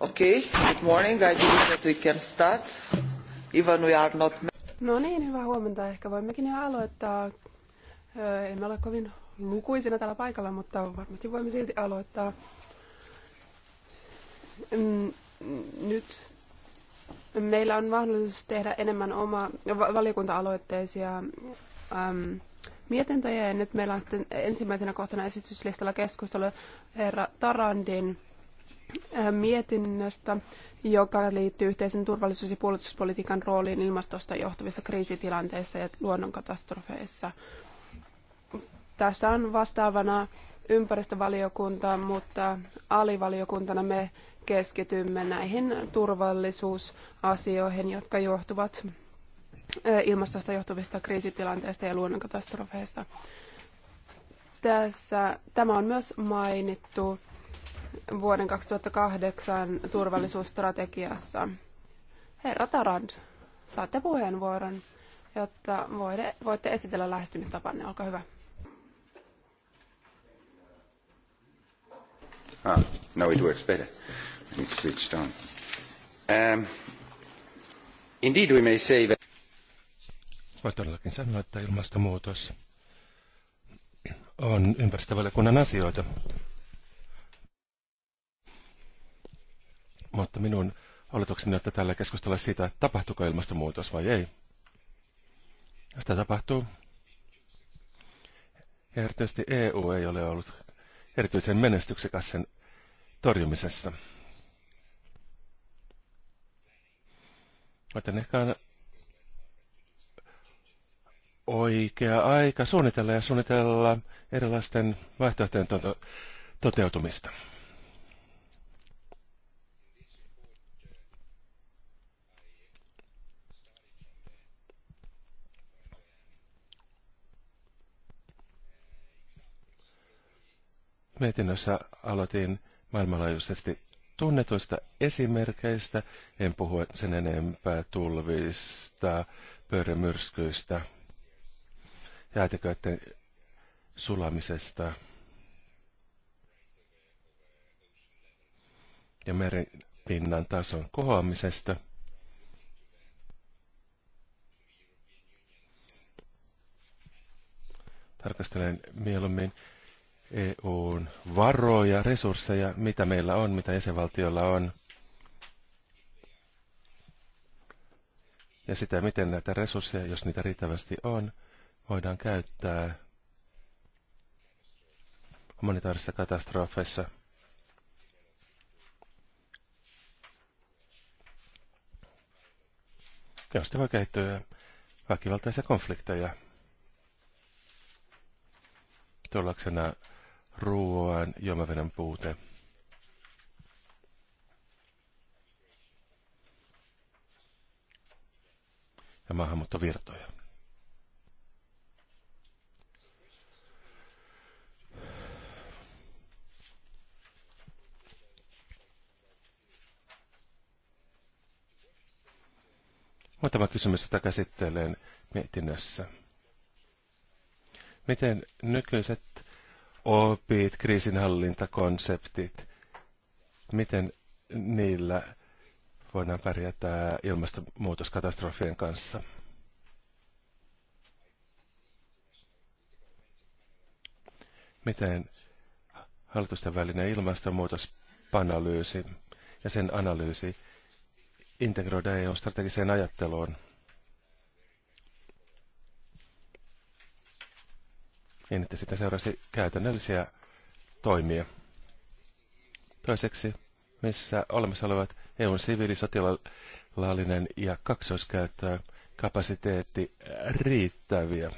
Okay, good morning. I believe that we can start, even we are not... No niin, hyvää huomenta. Ehkä voimmekin jo aloittaa. Emme ole kovin lukuisina täällä paikalla, mutta varmasti voimme silti aloittaa. Mm, nyt meillä on mahdollisuus tehdä enemmän oma valiokunta-aloitteisia äm, mietintöjä. Ja nyt meillä on sitten ensimmäisenä kohtana esityslistalla keskustelu herra Tarandin Äh, mietinnöstä, joka liittyy yhteisen turvallisuus- ja puolustuspolitiikan rooliin ilmastosta johtuvissa kriisitilanteissa ja luonnonkatastrofeissa. Tässä on vastaavana ympäristövaliokunta, mutta alivaliokuntana me keskitymme näihin turvallisuusasioihin, jotka johtuvat äh, ilmastosta johtuvista kriisitilanteista ja luonnonkatastrofeista. Tässä, tämä on myös mainittu vuoden 2008 turvallisuusstrategiassa. Herra Tarand, saatte puheenvuoron, jotta voitte esitellä lähestymistapanne. Olkaa hyvä. Ah, now it works better. It's switched on. Um, indeed we may say that... Voi todellakin sanoa, että ilmastonmuutos on ympäristövaliokunnan asioita. Mutta minun oletukseni, että tällä keskustella siitä, tapahtuuko ilmastonmuutos vai ei. Jos tämä tapahtuu, ja erityisesti EU ei ole ollut erityisen menestyksekäs sen torjumisessa. Joten ehkä on oikea aika suunnitella ja suunnitella erilaisten vaihtoehtojen toteutumista. mietinnössä aloitin maailmanlaajuisesti tunnetuista esimerkkeistä. En puhu sen enempää tulvista, pöörimyrskyistä, jäätiköiden sulamisesta ja merenpinnan tason kohoamisesta. Tarkastelen mieluummin EUn varoja, resursseja, mitä meillä on, mitä jäsenvaltiolla on. Ja sitä, miten näitä resursseja, jos niitä riittävästi on, voidaan käyttää humanitaarisissa katastrofeissa. sitten voi kehittyä väkivaltaisia konflikteja. Tuollaksena ruoan juomaveden puute. ja maahanmuuttovirtoja. Muutama kysymys, jota käsittelen mietinnössä. Miten nykyiset opit, kriisinhallintakonseptit, miten niillä voidaan pärjätä ilmastonmuutoskatastrofien kanssa. Miten hallitusten välinen ilmastonmuutospanalyysi ja sen analyysi integroidaan EU-strategiseen ajatteluun – niin että sitä seurasi käytännöllisiä toimia. Toiseksi, missä olemassa olevat EUn siviilisotilaallinen ja kaksoiskäyttö kapasiteetti riittäviä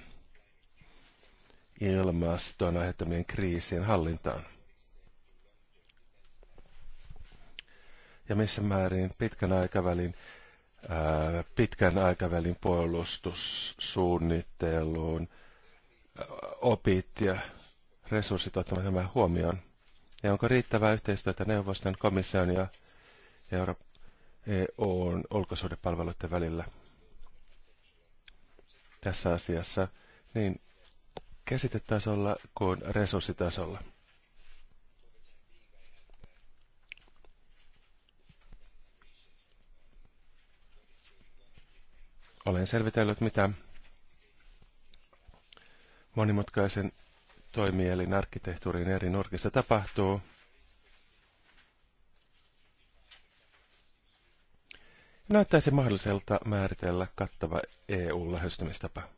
ilmastoon aiheuttamien kriisien hallintaan. Ja missä määrin pitkän aikavälin, ää, pitkän aikavälin puolustussuunnitteluun – opit ja resurssit ottavat tämän huomioon? Ja onko riittävää yhteistyötä neuvoston, komission ja EUn e ulkosuhdepalveluiden välillä tässä asiassa niin käsitetasolla kuin resurssitasolla? Olen selvitellyt, mitä monimutkaisen toimielin arkkitehtuurin eri nurkissa tapahtuu. Näyttäisi mahdolliselta määritellä kattava EU-lähestymistapa.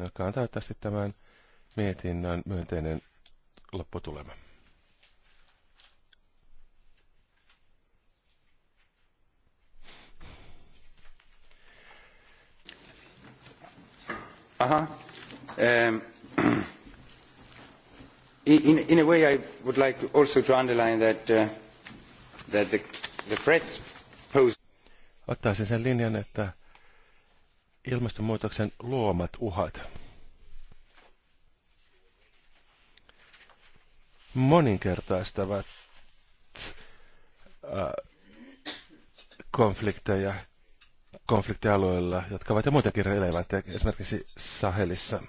Alkaa on sitten tämän mietinnön myönteinen lopputulema. Uh-huh. Um, in, in a way, I would like also to underline that, uh, that the, the threats posed... Ottaisin sen linjan, että ilmastonmuutoksen luomat uhat moninkertaistavat äh, konflikteja konfliktialueilla, jotka ovat jo muitakin relevantteja, esimerkiksi Sahelissa.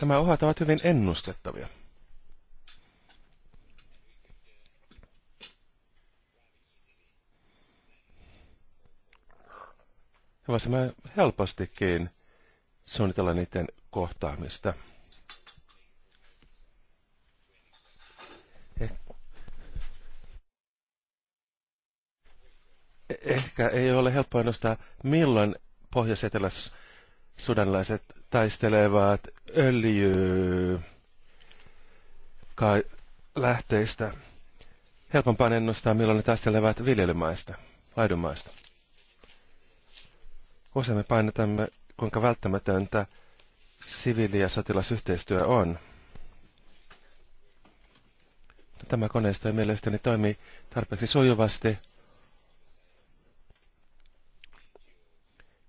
Nämä uhat ovat hyvin ennustettavia. voisimme helpostikin suunnitella niiden kohtaamista. ehkä ei ole helppo ennustaa, milloin pohjois etelä sudanlaiset taistelevat öljy lähteistä. Helpompaa on ennustaa, milloin ne taistelevat viljelymaista, laidunmaista. Usein me painotamme, kuinka välttämätöntä siviili- ja sotilasyhteistyö on. Tämä koneisto ei mielestäni toimi tarpeeksi sujuvasti –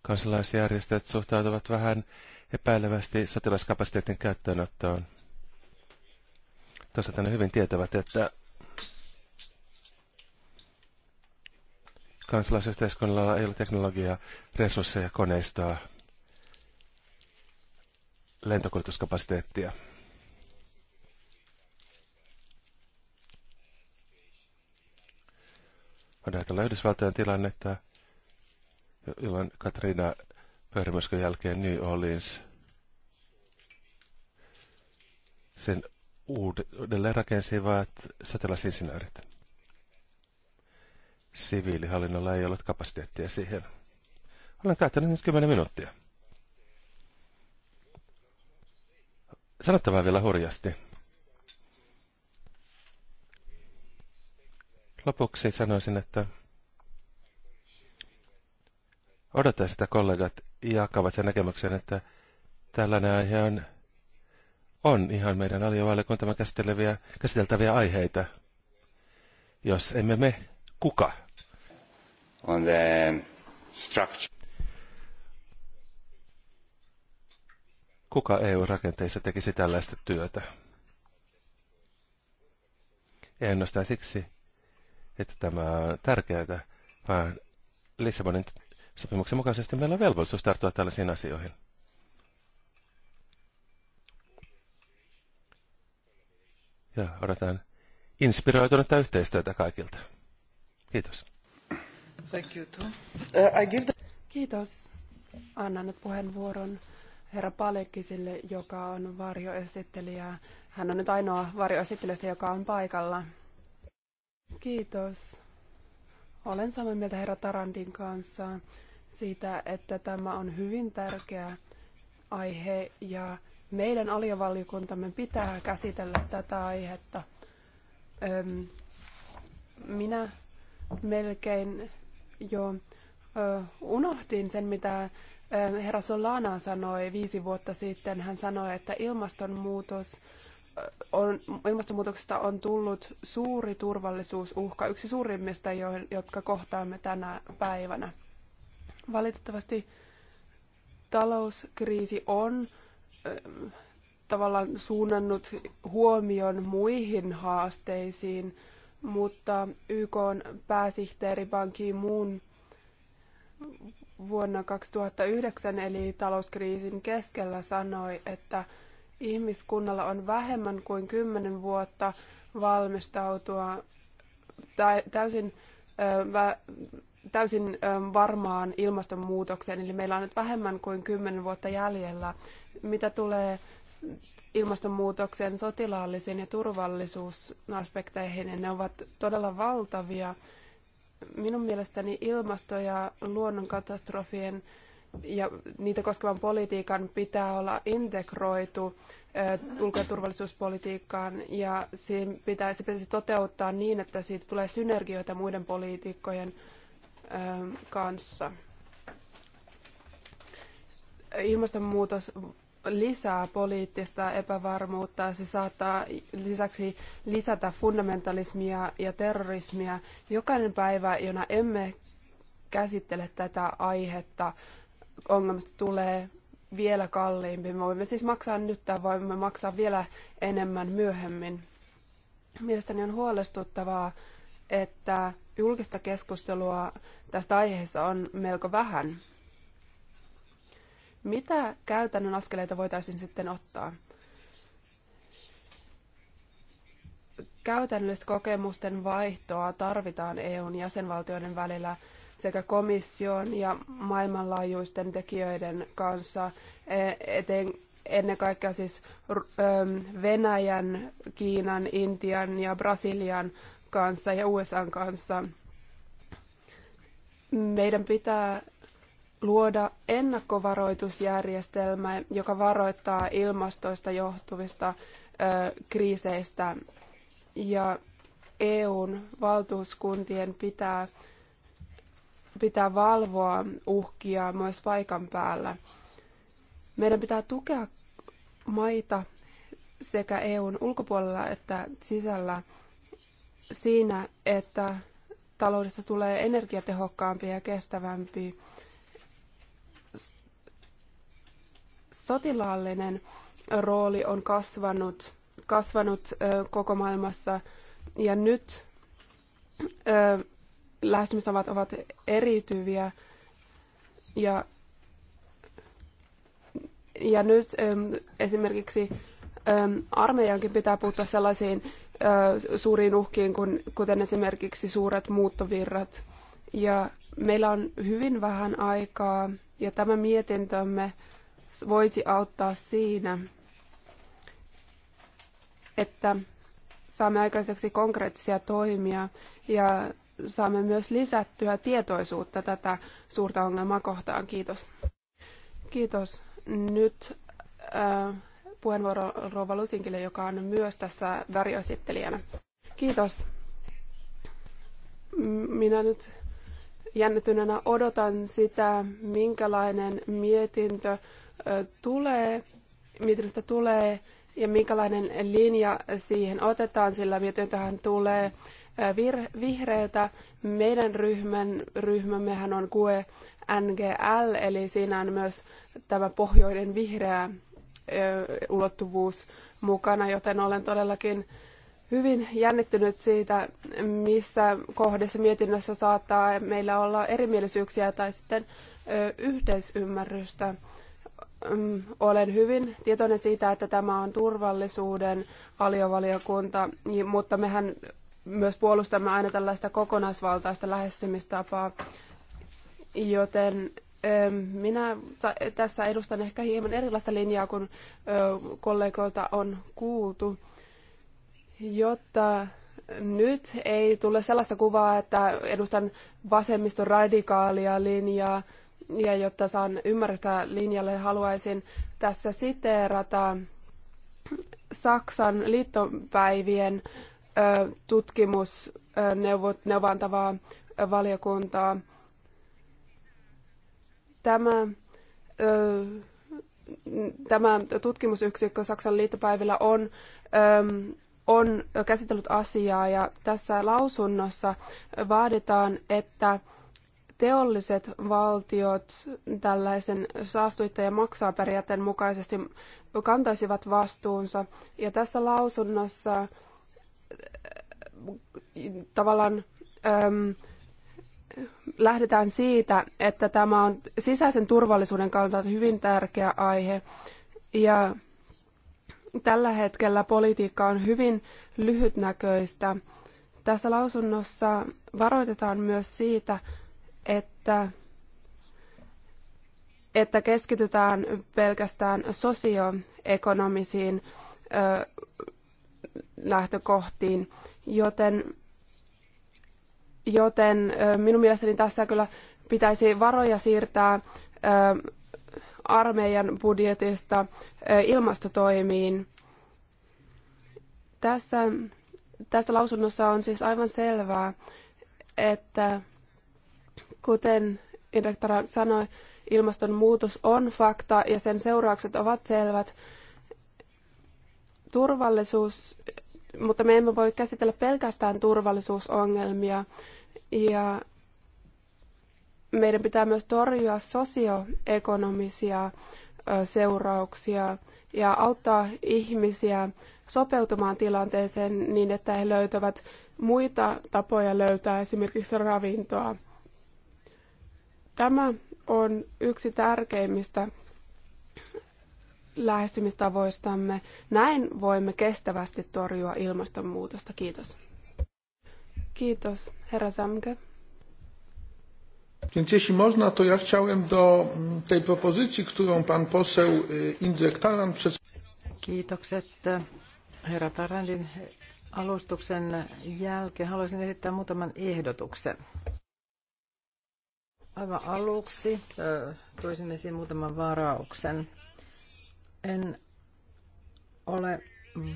Kansalaisjärjestöt suhtautuvat vähän epäilevästi sotilaskapasiteetin käyttöönottoon. Toisaalta ne hyvin tietävät, että kansalaisyhteiskunnalla ei ole teknologiaa, resursseja, koneistoa, lentokuljetuskapasiteettia. Voidaan ajatella Yhdysvaltojen tilannetta, jolloin katrina, Pöhrimyskön jälkeen New Orleans sen uudelleen rakensivat sotilasinsinöörit. Siviilihallinnolla ei ollut kapasiteettia siihen. Olen käyttänyt nyt 10 minuuttia. Sanottavaa vielä hurjasti. Lopuksi sanoisin, että Odotan sitä kollegat jakavat sen näkemyksen, että tällainen aihe on, on ihan meidän aliovaliokuntamme käsitteleviä, käsiteltäviä aiheita. Jos emme me, kuka? On the structure. Kuka EU-rakenteissa tekisi tällaista työtä? Ennustan siksi, että tämä on tärkeää, vaan Lissabonin Sopimuksen mukaisesti meillä on velvollisuus tarttua tällaisiin asioihin. Ja odotan inspiroitunutta yhteistyötä kaikilta. Kiitos. Thank you, Tom. Uh, I give the... Kiitos. Annan nyt puheenvuoron herra Palekisille, joka on varjoesittelijä. Hän on nyt ainoa varjoesittelijä, joka on paikalla. Kiitos. Olen samaa mieltä herra Tarandin kanssa siitä, että tämä on hyvin tärkeä aihe ja meidän aliovaliokuntamme pitää käsitellä tätä aihetta. minä melkein jo unohdin sen, mitä herra Solana sanoi viisi vuotta sitten. Hän sanoi, että ilmastonmuutos on, ilmastonmuutoksesta on tullut suuri turvallisuusuhka, yksi suurimmista, jotka kohtaamme tänä päivänä. Valitettavasti talouskriisi on tavallaan suunnannut huomion muihin haasteisiin, mutta YK on pääsihteeri Ban Ki-moon vuonna 2009 eli talouskriisin keskellä sanoi, että ihmiskunnalla on vähemmän kuin kymmenen vuotta valmistautua täysin täysin ähm, varmaan ilmastonmuutokseen, eli meillä on nyt vähemmän kuin kymmenen vuotta jäljellä. Mitä tulee ilmastonmuutoksen sotilaallisiin ja turvallisuusaspekteihin, niin ne ovat todella valtavia. Minun mielestäni ilmasto- ja luonnonkatastrofien ja niitä koskevan politiikan pitää olla integroitu ulko- ja turvallisuuspolitiikkaan ja se pitäisi, pitäisi toteuttaa niin, että siitä tulee synergioita muiden politiikkojen Ähm, kanssa. Ilmastonmuutos lisää poliittista epävarmuutta. Se saattaa lisäksi lisätä fundamentalismia ja terrorismia. Jokainen päivä, jona emme käsittele tätä aihetta, ongelmasta tulee vielä kalliimpi. Me voimme siis maksaa nyt tai voimme maksaa vielä enemmän myöhemmin. Mielestäni on huolestuttavaa, että julkista keskustelua tästä aiheesta on melko vähän. Mitä käytännön askeleita voitaisiin sitten ottaa? Käytännöllistä kokemusten vaihtoa tarvitaan EUn jäsenvaltioiden välillä sekä komission ja maailmanlaajuisten tekijöiden kanssa, e, eten, ennen kaikkea siis Venäjän, Kiinan, Intian ja Brasilian kanssa ja USA kanssa. Meidän pitää luoda ennakkovaroitusjärjestelmä, joka varoittaa ilmastoista johtuvista ö, kriiseistä. Ja EUn valtuuskuntien pitää, pitää valvoa uhkia myös paikan päällä. Meidän pitää tukea maita sekä EUn ulkopuolella että sisällä siinä, että taloudesta tulee energiatehokkaampi ja kestävämpi. Sotilaallinen rooli on kasvanut, kasvanut koko maailmassa ja nyt ö, lähestymistavat ovat eriytyviä ja, ja nyt ö, esimerkiksi ö, armeijankin pitää puuttua sellaisiin suuriin uhkiin, kuten esimerkiksi suuret muuttovirrat. Ja meillä on hyvin vähän aikaa, ja tämä mietintömme voisi auttaa siinä, että saamme aikaiseksi konkreettisia toimia ja saamme myös lisättyä tietoisuutta tätä suurta ongelmaa kohtaan. Kiitos. Kiitos. Nyt äh, puheenvuoro Rova Lusinkille, joka on myös tässä väriesittelijänä. Kiitos. Minä nyt jännittyneenä odotan sitä, minkälainen mietintö tulee, mietinnöstä tulee ja minkälainen linja siihen otetaan, sillä mietintöhän tulee vihreiltä. Meidän ryhmän, ryhmämmehän on QE NGL, eli siinä on myös tämä pohjoinen vihreä ulottuvuus mukana, joten olen todellakin hyvin jännittynyt siitä, missä kohdissa mietinnössä saattaa meillä olla erimielisyyksiä tai sitten yhteisymmärrystä. Olen hyvin tietoinen siitä, että tämä on turvallisuuden aliovaliokunta, niin, mutta mehän myös puolustamme aina tällaista kokonaisvaltaista lähestymistapaa, joten minä tässä edustan ehkä hieman erilaista linjaa kuin kollegoilta on kuultu, jotta nyt ei tule sellaista kuvaa, että edustan vasemmiston radikaalia linjaa, ja jotta saan ymmärtää linjalle, haluaisin tässä siteerata Saksan liittopäivien tutkimusneuvontavaa valiokuntaa – Tämä, ö, tämä tutkimusyksikkö Saksan liittopäivillä on, ö, on käsitellyt asiaa ja tässä lausunnossa vaaditaan, että teolliset valtiot tällaisen saastuittaja maksaa periaatteen mukaisesti kantaisivat vastuunsa. Ja tässä lausunnossa tavallaan lähdetään siitä, että tämä on sisäisen turvallisuuden kannalta hyvin tärkeä aihe. Ja tällä hetkellä politiikka on hyvin lyhytnäköistä. Tässä lausunnossa varoitetaan myös siitä, että, että keskitytään pelkästään sosioekonomisiin ö, lähtökohtiin, joten Joten minun mielestäni tässä kyllä pitäisi varoja siirtää armeijan budjetista ilmastotoimiin. Tässä, tässä lausunnossa on siis aivan selvää, että kuten Indrektara sanoi, ilmastonmuutos on fakta ja sen seuraukset ovat selvät. Turvallisuus, mutta me emme voi käsitellä pelkästään turvallisuusongelmia. Ja meidän pitää myös torjua sosioekonomisia seurauksia ja auttaa ihmisiä sopeutumaan tilanteeseen niin, että he löytävät muita tapoja löytää esimerkiksi ravintoa. Tämä on yksi tärkeimmistä lähestymistavoistamme. Näin voimme kestävästi torjua ilmastonmuutosta. Kiitos. Kiitos, herra Samke. Więc jeśli można, to ja chciałem do mm, tej propozycji, którą pan poseł Indrek Taran przedstawił. Kiitokset herra Tarandin alustuksen jälkeen. Haluaisin esittää muutaman ehdotuksen. Aivan aluksi toisin esiin muutaman varauksen. En ole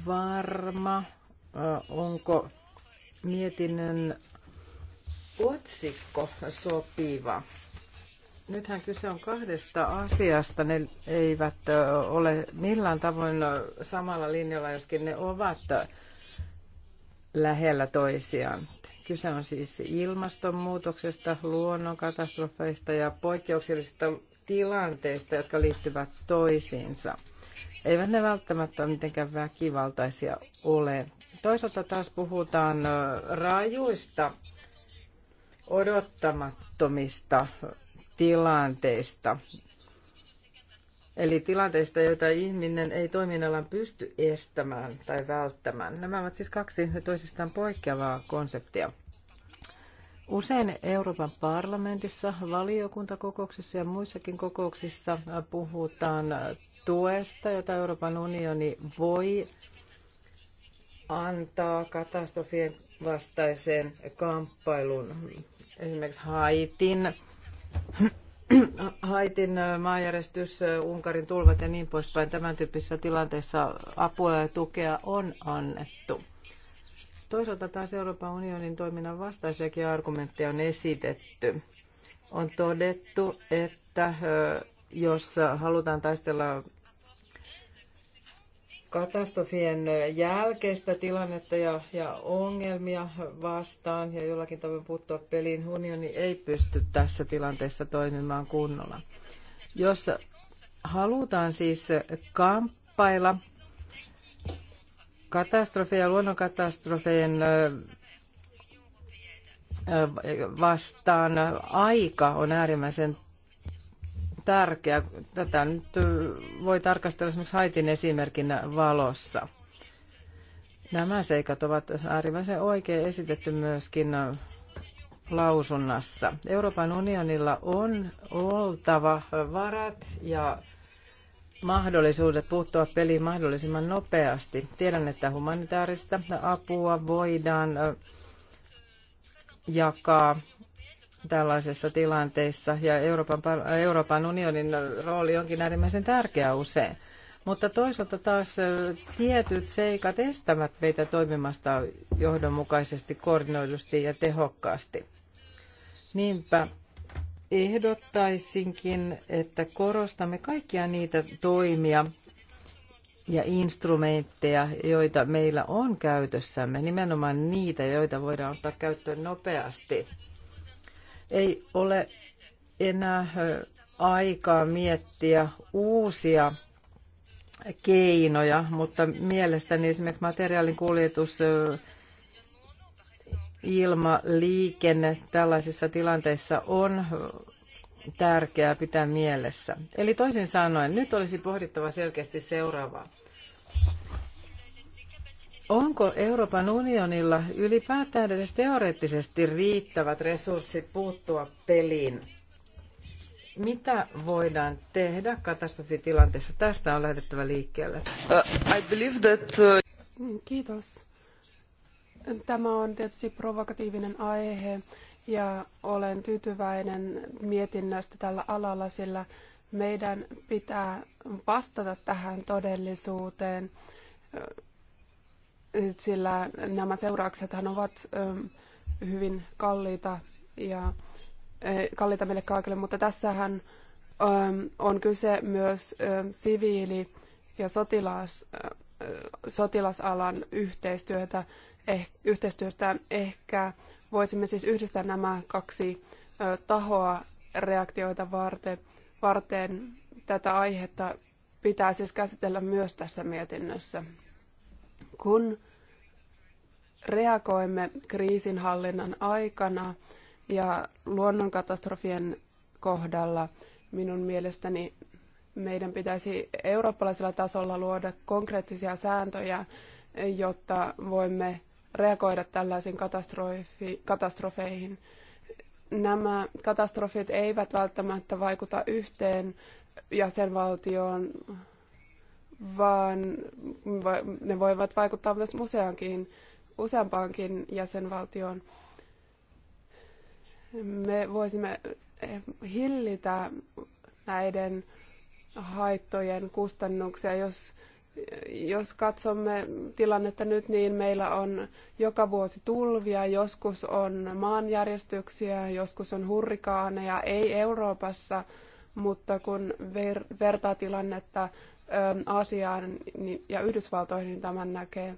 varma, onko mietinnön otsikko sopiva. Nythän kyse on kahdesta asiasta. Ne eivät ole millään tavoin samalla linjalla, joskin ne ovat lähellä toisiaan. Kyse on siis ilmastonmuutoksesta, luonnonkatastrofeista ja poikkeuksellisista tilanteista, jotka liittyvät toisiinsa. Eivät ne välttämättä mitenkään väkivaltaisia ole. Toisaalta taas puhutaan rajuista, odottamattomista tilanteista. Eli tilanteista, joita ihminen ei toiminnallaan pysty estämään tai välttämään. Nämä ovat siis kaksi toisistaan poikkeavaa konseptia. Usein Euroopan parlamentissa, valiokuntakokouksissa ja muissakin kokouksissa puhutaan tuesta, jota Euroopan unioni voi antaa katastrofien vastaiseen kamppailun. Esimerkiksi Haitin, Haitin maanjärjestys, Unkarin tulvat ja niin poispäin. Tämän tyyppisissä tilanteissa apua ja tukea on annettu. Toisaalta taas Euroopan unionin toiminnan vastaisiakin argumentteja on esitetty. On todettu, että jos halutaan taistella katastrofien jälkeistä tilannetta ja, ja ongelmia vastaan ja jollakin tavoin puuttua peliin. Unioni ei pysty tässä tilanteessa toimimaan kunnolla. Jos halutaan siis kamppailla katastrofeja, luonnonkatastrofeen vastaan, aika on äärimmäisen tärkeä. Tätä nyt voi tarkastella esimerkiksi Haitin esimerkin valossa. Nämä seikat ovat äärimmäisen oikein esitetty myöskin lausunnassa. Euroopan unionilla on oltava varat ja mahdollisuudet puuttua peliin mahdollisimman nopeasti. Tiedän, että humanitaarista apua voidaan jakaa tällaisessa tilanteessa ja Euroopan, Euroopan unionin rooli onkin äärimmäisen tärkeä usein. Mutta toisaalta taas tietyt seikat estävät meitä toimimasta johdonmukaisesti, koordinoidusti ja tehokkaasti. Niinpä ehdottaisinkin, että korostamme kaikkia niitä toimia ja instrumentteja, joita meillä on käytössämme, nimenomaan niitä, joita voidaan ottaa käyttöön nopeasti ei ole enää aikaa miettiä uusia keinoja, mutta mielestäni esimerkiksi materiaalin kuljetus, ilmaliikenne tällaisissa tilanteissa on tärkeää pitää mielessä. Eli toisin sanoen, nyt olisi pohdittava selkeästi seuraavaa. Onko Euroopan unionilla ylipäätään edes teoreettisesti riittävät resurssit puuttua peliin? Mitä voidaan tehdä katastrofitilanteessa? Tästä on lähdettävä liikkeelle. Uh, I believe that, uh... Kiitos. Tämä on tietysti provokatiivinen aihe ja olen tyytyväinen mietinnöstä tällä alalla, sillä meidän pitää vastata tähän todellisuuteen sillä nämä seurauksethan ovat ähm, hyvin kalliita ja äh, kalliita meille kaikille, mutta tässähän ähm, on kyse myös ähm, siviili- ja sotilas, äh, sotilasalan yhteistyötä, eh, yhteistyöstä. Ehkä voisimme siis yhdistää nämä kaksi tahoa reaktioita varten. varten. Tätä aihetta pitää siis käsitellä myös tässä mietinnössä. Kun reagoimme kriisinhallinnan aikana ja luonnonkatastrofien kohdalla, minun mielestäni meidän pitäisi eurooppalaisella tasolla luoda konkreettisia sääntöjä, jotta voimme reagoida tällaisiin katastrofeihin. Nämä katastrofit eivät välttämättä vaikuta yhteen jäsenvaltioon vaan ne voivat vaikuttaa myös useankin, useampaankin jäsenvaltioon. Me voisimme eh, hillitä näiden haittojen kustannuksia. Jos, jos katsomme tilannetta nyt, niin meillä on joka vuosi tulvia, joskus on maanjärjestyksiä, joskus on hurrikaaneja, ei Euroopassa, mutta kun ver- vertaa tilannetta Aasiaan niin- ja Yhdysvaltoihin niin tämän näkee.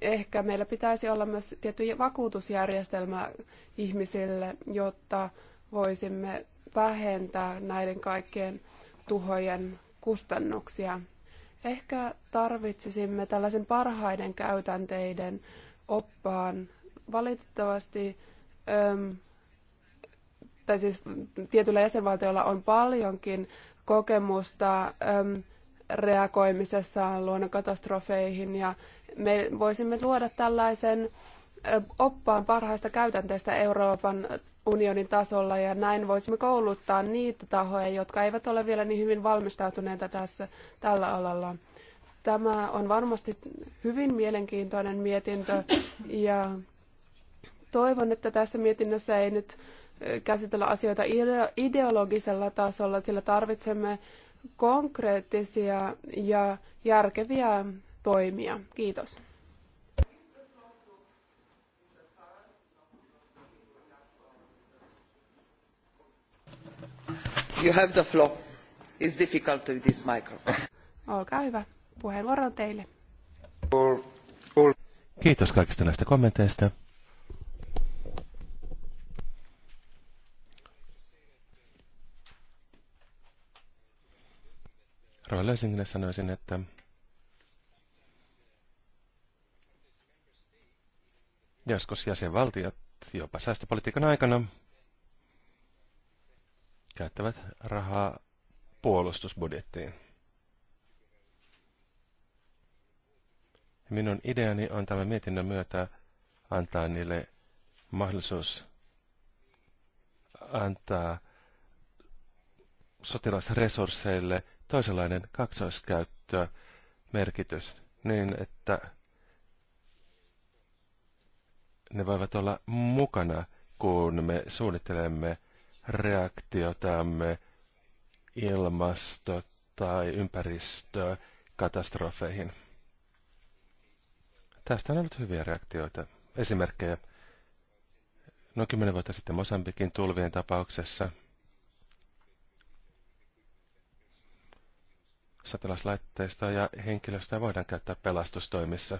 Ehkä meillä pitäisi olla myös tietty vakuutusjärjestelmä ihmisille, jotta voisimme vähentää näiden kaikkien tuhojen kustannuksia. Ehkä tarvitsisimme tällaisen parhaiden käytänteiden oppaan. Valitettavasti äm, tai siis tietyillä jäsenvaltioilla on paljonkin kokemusta reagoimisessa luonnonkatastrofeihin ja me voisimme luoda tällaisen oppaan parhaista käytänteistä Euroopan unionin tasolla ja näin voisimme kouluttaa niitä tahoja, jotka eivät ole vielä niin hyvin valmistautuneita tässä, tällä alalla. Tämä on varmasti hyvin mielenkiintoinen mietintö ja toivon, että tässä mietinnössä ei nyt käsitellä asioita ideologisella tasolla, sillä tarvitsemme konkreettisia ja järkeviä toimia. Kiitos. You have the floor. It's difficult with this microphone. Olkaa hyvä. Puheenvuoro on teille. Kiitos kaikista näistä kommenteista. Rova Lösingille sanoisin, että joskus jäsenvaltiot jopa säästöpolitiikan aikana käyttävät rahaa puolustusbudjettiin. Minun ideani on tämän mietinnön myötä antaa niille mahdollisuus antaa sotilasresursseille toisenlainen kaksoiskäyttö merkitys niin, että ne voivat olla mukana, kun me suunnittelemme reaktiotamme ilmasto- tai ympäristökatastrofeihin. Tästä on ollut hyviä reaktioita. Esimerkkejä. Noin kymmenen vuotta sitten Mosambikin tulvien tapauksessa – sotilaslaitteistoa ja henkilöstöä voidaan käyttää pelastustoimissa.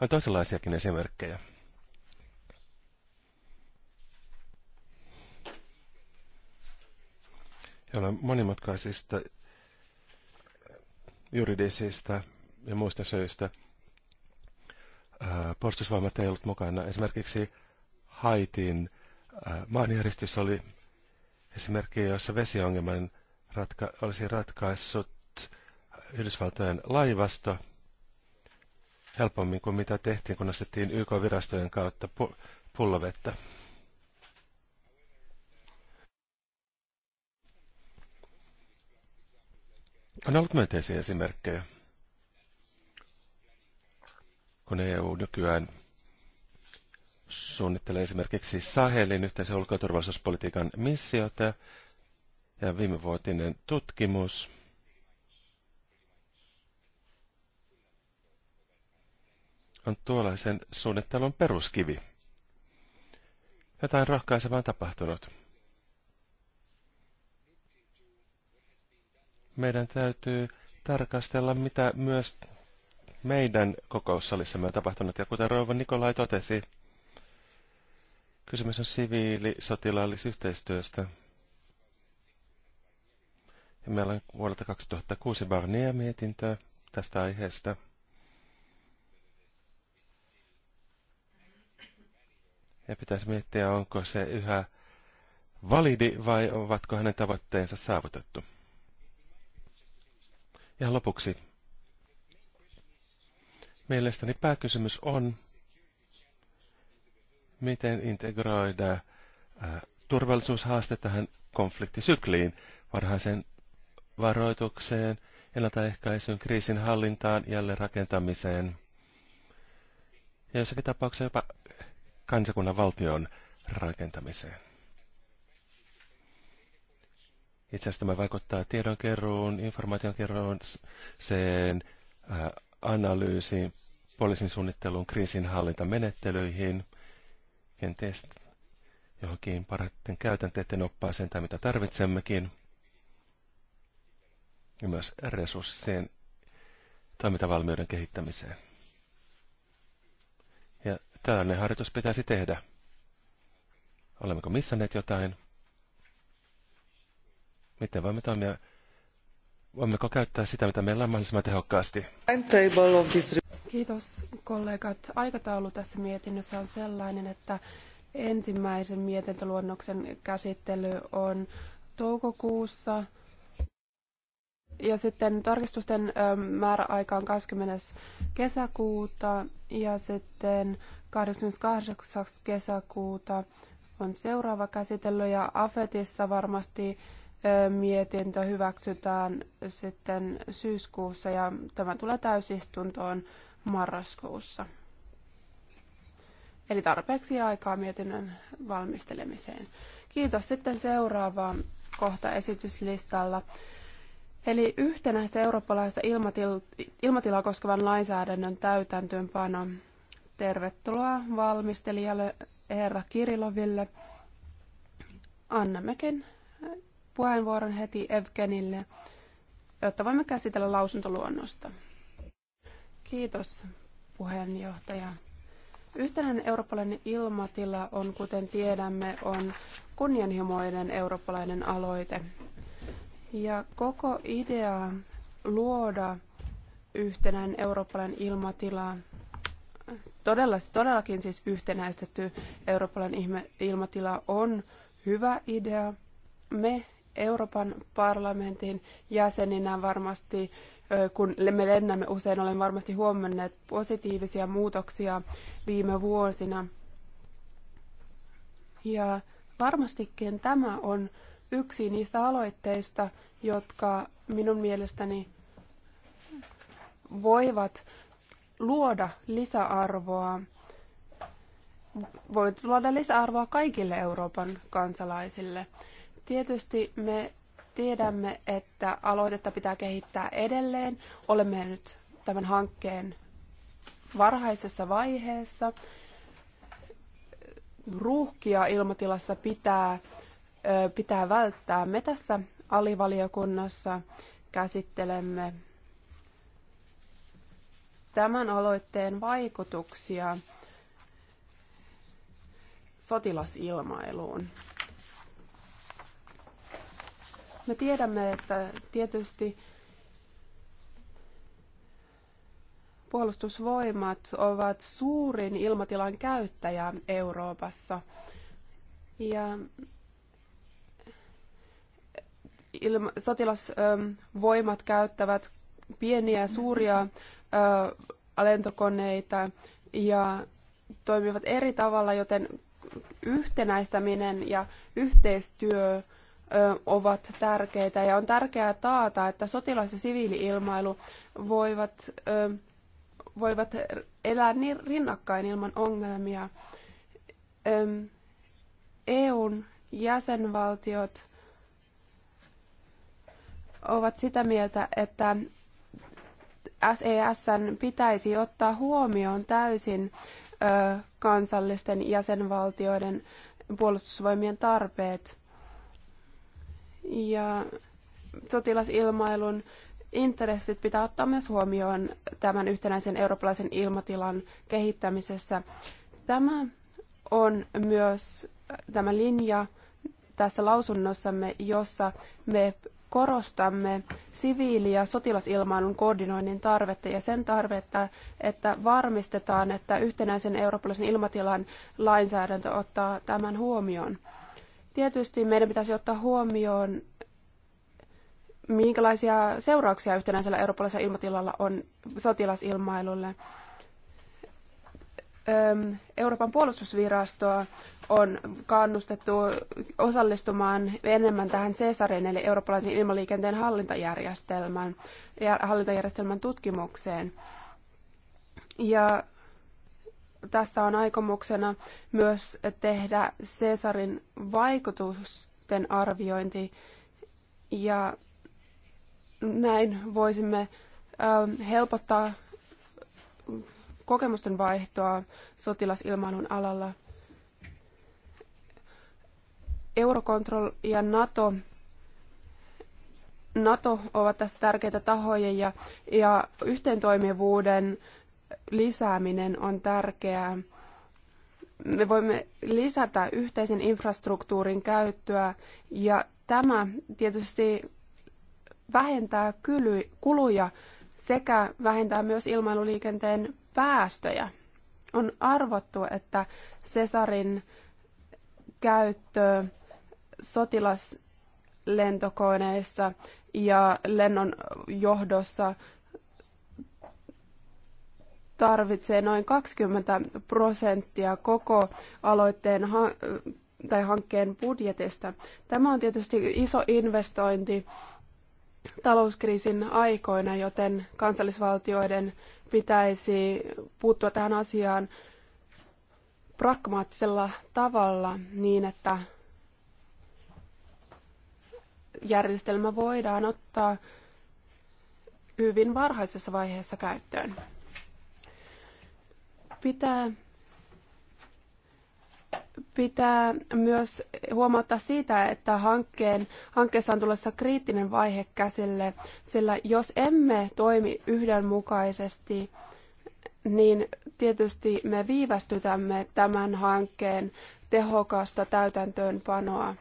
On toisenlaisiakin esimerkkejä. on monimutkaisista juridisista ja muista syistä puolustusvoimat ei ollut mukana. Esimerkiksi Haitin maanjäristys oli esimerkki, jossa vesiongelman ratka- olisi ratkaissut Yhdysvaltojen laivasto helpommin kuin mitä tehtiin, kun nostettiin YK-virastojen kautta pullovettä. On ollut myönteisiä esimerkkejä, kun EU nykyään suunnittelee esimerkiksi Sahelin yhteisen ulko- ja turvallisuuspolitiikan missiota, ja viimevuotinen tutkimus. on tuollaisen suunnittelun peruskivi. Jotain rohkaisevaa tapahtunut. Meidän täytyy tarkastella, mitä myös meidän kokoussalissamme on tapahtunut. Ja kuten Rouva Nikolai totesi, kysymys on siviili-sotilaallisyhteistyöstä. yhteistyöstä ja meillä on vuodelta 2006 barnier mietintö tästä aiheesta. Ja pitäisi miettiä, onko se yhä validi vai ovatko hänen tavoitteensa saavutettu. Ja lopuksi. Mielestäni pääkysymys on, miten integroida turvallisuushaaste tähän konfliktisykliin, varhaisen varoitukseen, ennaltaehkäisyyn, kriisin hallintaan, jälleenrakentamiseen ja jossakin tapauksessa jopa kansakunnan valtion rakentamiseen. Itse asiassa tämä vaikuttaa tiedonkeruun, informaationkeruun, sen äh, analyysiin, poliisin suunnitteluun, kriisinhallintamenettelyihin, kenties johonkin parhaiten käytänteiden oppaaseen tai mitä tarvitsemmekin – ja myös resurssien toimintavalmiuden kehittämiseen. Ja tällainen harjoitus pitäisi tehdä. Olemmeko missanneet jotain? Miten voimme toimia? Voimmeko käyttää sitä, mitä meillä on mahdollisimman tehokkaasti? Kiitos kollegat. Aikataulu tässä mietinnössä on sellainen, että ensimmäisen mietintöluonnoksen käsittely on toukokuussa – ja sitten tarkistusten määräaika on 20. kesäkuuta ja sitten 28. kesäkuuta on seuraava käsitelly ja AFETissa varmasti mietintö hyväksytään sitten syyskuussa ja tämä tulee täysistuntoon marraskuussa. Eli tarpeeksi aikaa mietinnön valmistelemiseen. Kiitos. Sitten seuraava kohta esityslistalla. Eli yhtenäistä eurooppalaista ilmatil- ilmatilaa koskevan lainsäädännön täytäntöönpano. Tervetuloa valmistelijalle herra Kiriloville. Annammekin puheenvuoron heti Evgenille, jotta voimme käsitellä lausuntoluonnosta. Kiitos puheenjohtaja. Yhtenäinen eurooppalainen ilmatila on, kuten tiedämme, on kunnianhimoinen eurooppalainen aloite. Ja koko idea luoda yhtenäinen eurooppalainen ilmatila, todella, todellakin siis yhtenäistetty eurooppalainen ilmatila on hyvä idea. Me Euroopan parlamentin jäseninä varmasti, kun me lennämme usein, olen varmasti huomanneet positiivisia muutoksia viime vuosina. Ja varmastikin tämä on yksi niistä aloitteista, jotka minun mielestäni voivat luoda lisäarvoa, voivat luoda lisäarvoa kaikille Euroopan kansalaisille. Tietysti me tiedämme, että aloitetta pitää kehittää edelleen. Olemme nyt tämän hankkeen varhaisessa vaiheessa. Ruuhkia ilmatilassa pitää pitää välttää. Me tässä alivaliokunnassa käsittelemme tämän aloitteen vaikutuksia sotilasilmailuun. Me tiedämme, että tietysti puolustusvoimat ovat suurin ilmatilan käyttäjä Euroopassa. Ja ilma, sotilasvoimat ähm, käyttävät pieniä ja suuria ö, lentokoneita ja toimivat eri tavalla, joten yhtenäistäminen ja yhteistyö ovat tärkeitä ja on tärkeää taata, että sotilas- ja siviiliilmailu voivat, voivat elää niin rinnakkain ilman ongelmia. EUn jäsenvaltiot ovat sitä mieltä, että SESn pitäisi ottaa huomioon täysin kansallisten jäsenvaltioiden puolustusvoimien tarpeet ja sotilasilmailun intressit pitää ottaa myös huomioon tämän yhtenäisen eurooppalaisen ilmatilan kehittämisessä. Tämä on myös tämä linja tässä lausunnossamme, jossa me korostamme siviili- ja sotilasilmailun koordinoinnin tarvetta ja sen tarvetta, että varmistetaan, että yhtenäisen eurooppalaisen ilmatilan lainsäädäntö ottaa tämän huomioon. Tietysti meidän pitäisi ottaa huomioon, minkälaisia seurauksia yhtenäisellä eurooppalaisella ilmatilalla on sotilasilmailulle. Euroopan puolustusvirastoa on kannustettu osallistumaan enemmän tähän CESARin eli eurooppalaisen ilmaliikenteen hallintajärjestelmän, hallintajärjestelmän tutkimukseen. Ja tässä on aikomuksena myös tehdä Cesarin vaikutusten arviointi ja näin voisimme helpottaa kokemusten vaihtoa sotilasilmailun alalla. Eurocontrol ja NATO, NATO ovat tässä tärkeitä tahoja ja, ja yhteentoimivuuden lisääminen on tärkeää. Me voimme lisätä yhteisen infrastruktuurin käyttöä ja tämä tietysti vähentää kuluja sekä vähentää myös ilmailuliikenteen päästöjä. On arvottu, että Cesarin käyttö sotilaslentokoneissa ja lennon johdossa tarvitsee noin 20 prosenttia koko aloitteen tai hankkeen budjetista. Tämä on tietysti iso investointi talouskriisin aikoina, joten kansallisvaltioiden pitäisi puuttua tähän asiaan pragmaattisella tavalla niin, että järjestelmä voidaan ottaa hyvin varhaisessa vaiheessa käyttöön. Pitää pitää myös huomauttaa siitä, että hankkeen, hankkeessa on tulossa kriittinen vaihe käsille, sillä jos emme toimi yhdenmukaisesti, niin tietysti me viivästytämme tämän hankkeen tehokasta täytäntöönpanoa.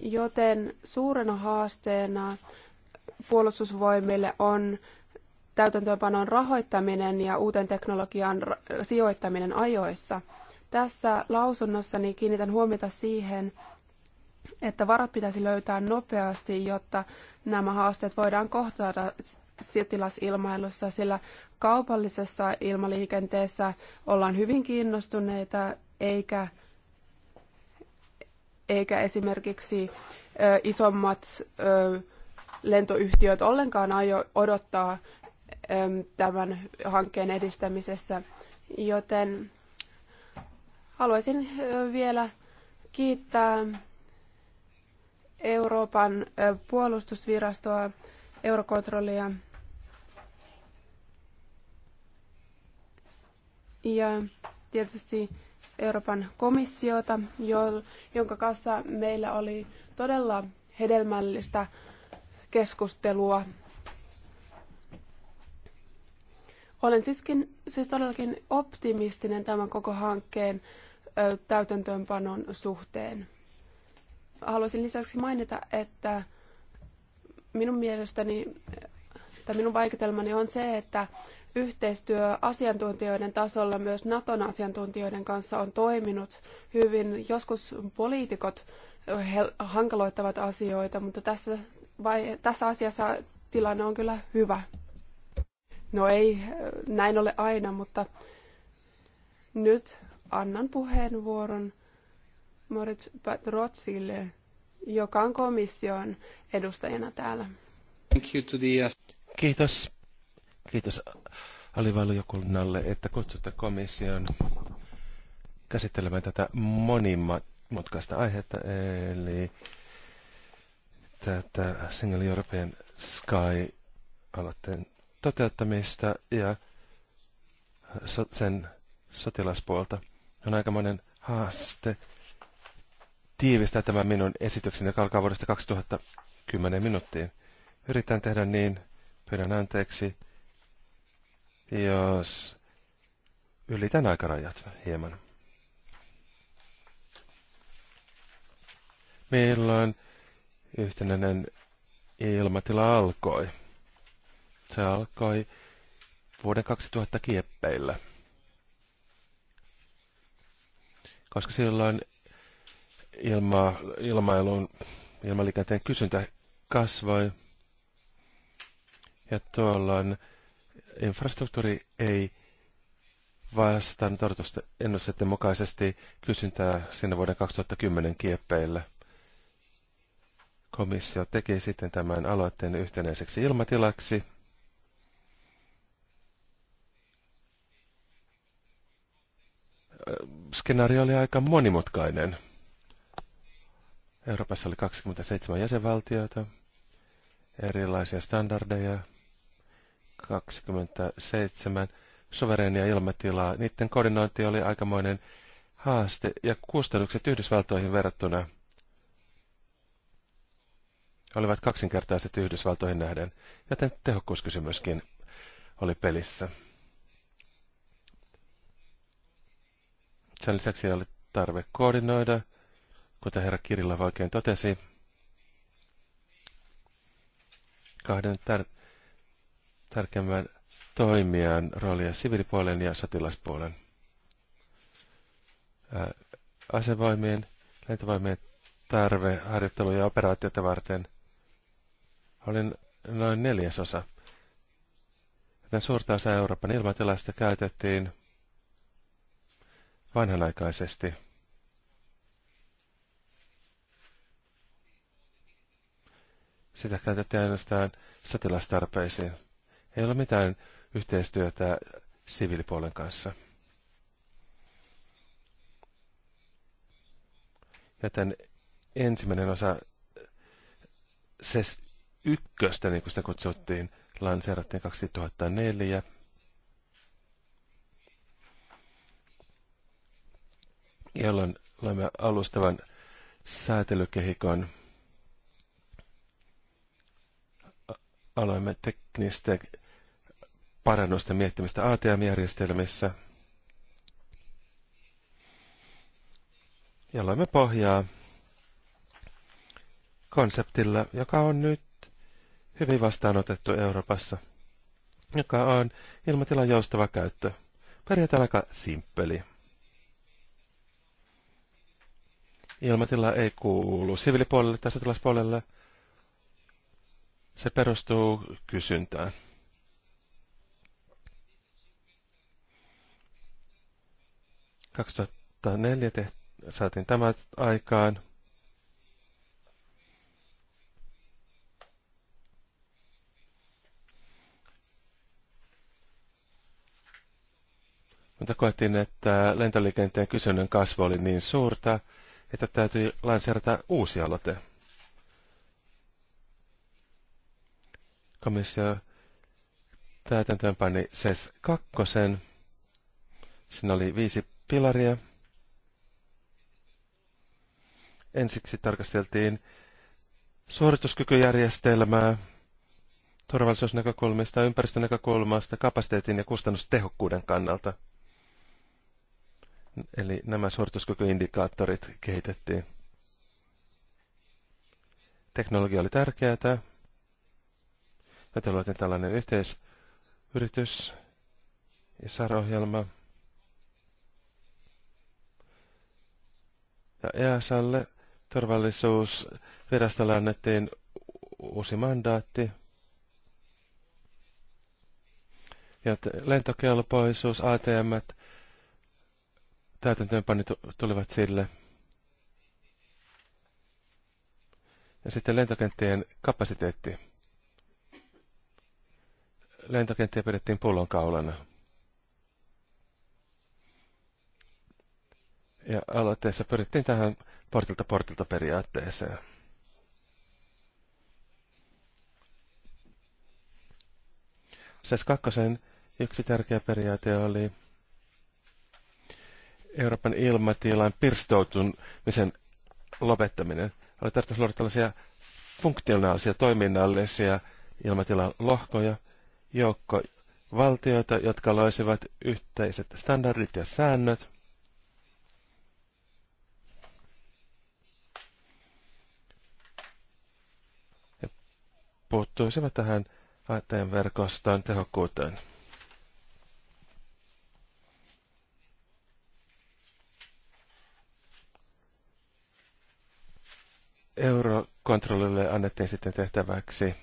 Joten suurena haasteena puolustusvoimille on täytäntöönpanon rahoittaminen ja uuteen teknologian sijoittaminen ajoissa – tässä lausunnossani kiinnitän huomiota siihen, että varat pitäisi löytää nopeasti, jotta nämä haasteet voidaan kohdata sotilasilmailussa, sillä kaupallisessa ilmaliikenteessä ollaan hyvin kiinnostuneita, eikä, eikä esimerkiksi ö, isommat ö, lentoyhtiöt ollenkaan aio odottaa ö, tämän hankkeen edistämisessä, joten Haluaisin vielä kiittää Euroopan puolustusvirastoa, Eurokontrollia ja tietysti Euroopan komissiota, jonka kanssa meillä oli todella hedelmällistä keskustelua. Olen siiskin, siis todellakin optimistinen tämän koko hankkeen täytäntöönpanon suhteen. Haluaisin lisäksi mainita, että minun mielestäni tai minun vaikutelmani on se, että yhteistyö asiantuntijoiden tasolla myös Naton asiantuntijoiden kanssa on toiminut hyvin. Joskus poliitikot hankaloittavat asioita, mutta tässä, vai, tässä asiassa tilanne on kyllä hyvä. No ei näin ole aina, mutta nyt annan puheenvuoron Moritz Rotsille, joka on komission edustajana täällä. Uh, Kiitos. Kiitos alivaliokunnalle, että kutsutte komission käsittelemään tätä monimutkaista aihetta, eli tätä Single European Sky-aloitteen toteuttamista ja sen sotilaspuolta on aikamoinen haaste tiivistää tämä minun esitykseni, joka alkaa vuodesta 2010 minuuttiin. Yritän tehdä niin, pyydän anteeksi, jos ylitän aikarajat hieman. Milloin yhtenäinen ilmatila alkoi? Se alkoi vuoden 2000 kieppeillä. koska silloin ilma, ilmailun, ilmaliikenteen kysyntä kasvoi ja tuolloin infrastruktuuri ei vastannut odotusten ennusteiden mukaisesti kysyntää sinne vuoden 2010 kieppeillä. Komissio teki sitten tämän aloitteen yhtenäiseksi ilmatilaksi – skenaario oli aika monimutkainen. Euroopassa oli 27 jäsenvaltiota, erilaisia standardeja, 27 suvereenia ilmatilaa. Niiden koordinointi oli aikamoinen haaste ja kustannukset Yhdysvaltoihin verrattuna olivat kaksinkertaiset Yhdysvaltoihin nähden, joten tehokkuuskysymyskin oli pelissä. Sen lisäksi oli tarve koordinoida, kuten herra Kirilla oikein totesi, kahden tär- tärkeimmän toimijan roolia siviilipuolen ja sotilaspuolen. asevoimien, lentovoimien tarve harjoittelu- ja operaatioita varten oli noin neljäsosa. Tätä suurta osaa Euroopan ilmatilasta käytettiin vanhanaikaisesti. Sitä käytettiin ainoastaan sotilastarpeisiin. Ei ole mitään yhteistyötä siviilipuolen kanssa. Joten ensimmäinen osa SES ykköstä, niin kuin sitä kutsuttiin, lanseerattiin 2004. jolloin olemme alustavan säätelykehikon. Aloimme teknistä parannusta miettimistä ATM-järjestelmissä. Ja loimme pohjaa konseptilla, joka on nyt hyvin vastaanotettu Euroopassa, joka on ilmatilan joustava käyttö. Periaatteessa aika simppeli. ilmatila ei kuulu siviilipuolelle tai sotilaspuolelle. Se perustuu kysyntään. neljä saatiin tämä aikaan. Mutta koettiin, että lentoliikenteen kysynnän kasvu oli niin suurta, että täytyy lanseerata uusi aloite. Komissio täytäntöönpani SES 2. Siinä oli viisi pilaria. Ensiksi tarkasteltiin suorituskykyjärjestelmää, turvallisuusnäkökulmista, ympäristönäkökulmasta, kapasiteetin ja kustannustehokkuuden kannalta – Eli nämä suorituskykyindikaattorit kehitettiin. Teknologia oli tärkeää. Joten luotiin tällainen yhteisyritys ja sarohjelma. ohjelma Ja EASalle turvallisuusvirastolle annettiin uusi mandaatti. Ja lentokelpoisuus, ATM, täytäntöönpanit tulivat sille. Ja sitten lentokenttien kapasiteetti. Lentokenttiä pidettiin pullonkaulana. Ja aloitteessa pyrittiin tähän portilta portilta periaatteeseen. SES2 yksi tärkeä periaate oli Euroopan ilmatilan pirstoutumisen lopettaminen. Oli tarkoitus luoda tällaisia funktionaalisia, toiminnallisia ilmatilan lohkoja, joukko valtioita, jotka loisivat yhteiset standardit ja säännöt. Ja puuttuisivat tähän ATM-verkoston tehokkuuteen. Eurokontrollille annettiin sitten tehtäväksi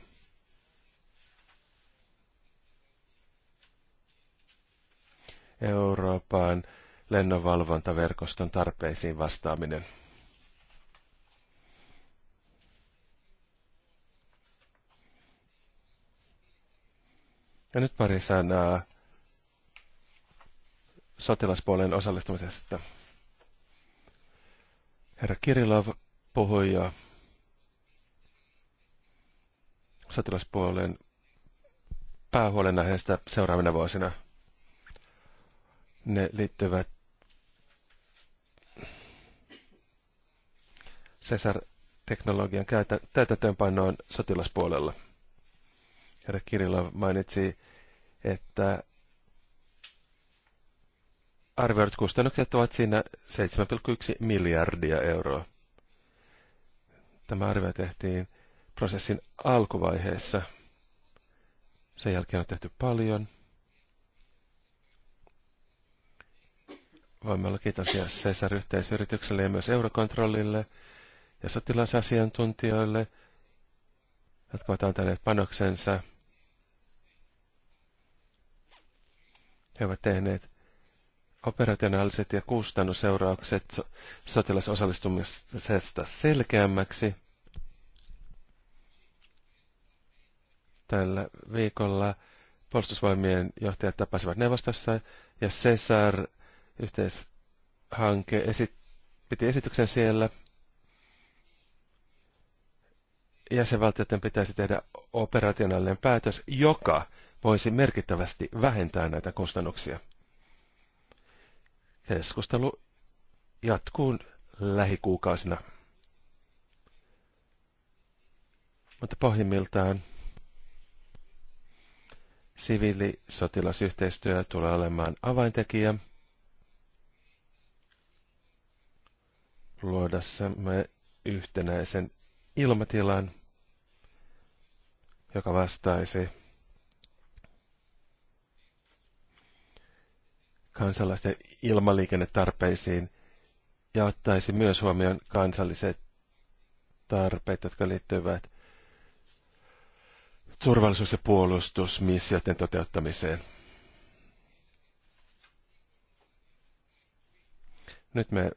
Euroopan lennonvalvontaverkoston tarpeisiin vastaaminen. Ja nyt pari sanaa sotilaspuolen osallistumisesta. Herra Kirilov puhujaa sotilaspuolen aiheesta seuraavina vuosina. Ne liittyvät Cesar-teknologian täytäntöönpanoon sotilaspuolella. Herra Kirilla mainitsi, että arvioidut kustannukset ovat siinä 7,1 miljardia euroa. Tämä arvio tehtiin prosessin alkuvaiheessa. Sen jälkeen on tehty paljon. Voimme olla kiitollisia Cesar-yhteisyritykselle ja myös Eurokontrollille ja sotilasasiantuntijoille, jotka ovat antaneet panoksensa. He ovat tehneet operationaaliset ja kustannusseuraukset sotilasosallistumisesta selkeämmäksi. Tällä viikolla puolustusvoimien johtajat tapasivat neuvostossa ja Cesar yhteishanke esi- piti esityksen siellä. Jäsenvaltioiden pitäisi tehdä operationaalinen päätös, joka voisi merkittävästi vähentää näitä kustannuksia. Keskustelu jatkuu lähikuukausina. Mutta pohjimmiltaan Siviilisotilasyhteistyö tulee olemaan avaintekijä luodassamme yhtenäisen ilmatilan, joka vastaisi kansalaisten ilmaliikennetarpeisiin ja ottaisi myös huomioon kansalliset tarpeet, jotka liittyvät turvallisuus- ja puolustusmissioiden toteuttamiseen. Nyt me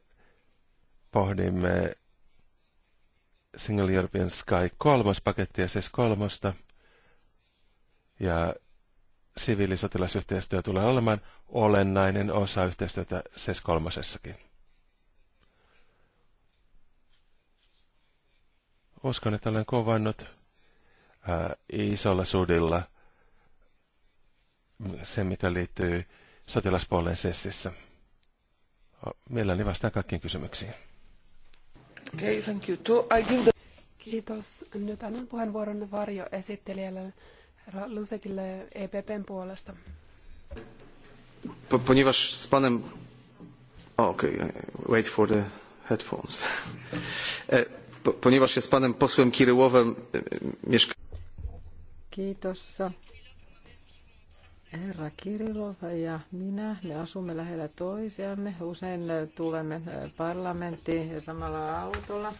pohdimme Single European Sky 3 pakettia, siis e kolmosta. Ja siviilisotilasyhteistyö tulee olemaan olennainen osa yhteistyötä SES e kolmosessakin. Uskon, että olen kovannut ää, äh, isolla sudilla se, mikä liittyy sotilaspuolen sessissä. Mielelläni vastaan kaikkiin kysymyksiin. Okay, thank you. To, I give the... Kiitos. Nyt annan puheenvuoron esittelijälle Lusekille EPPn puolesta. Po, ponieważ z panem... Oh, okay, wait for the headphones. E, ponieważ jest panem posłem Kiryłowem e, mieszka... Kiitos. Herra Kirilo ja minä, me asumme lähellä toisiamme. Usein tulemme parlamenttiin ja samalla autolla,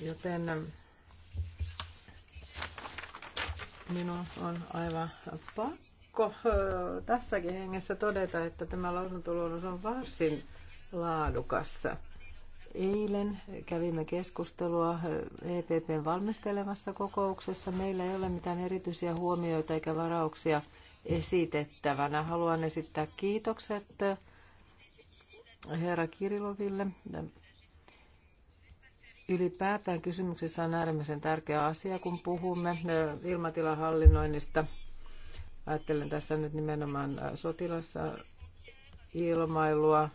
joten minun on aivan pakko tässäkin hengessä todeta, että tämä lausuntoluonnos on varsin laadukassa. Eilen kävimme keskustelua EPPn eh, e valmistelemassa kokouksessa. Meillä ei ole mitään erityisiä huomioita eikä varauksia esitettävänä. Haluan esittää kiitokset eh, herra Kiriloville. Ylipäätään kysymyksessä on äärimmäisen tärkeä asia, kun puhumme eh, ilmatilahallinnoinnista. Ajattelen tässä nyt nimenomaan sotilassa ilmailua,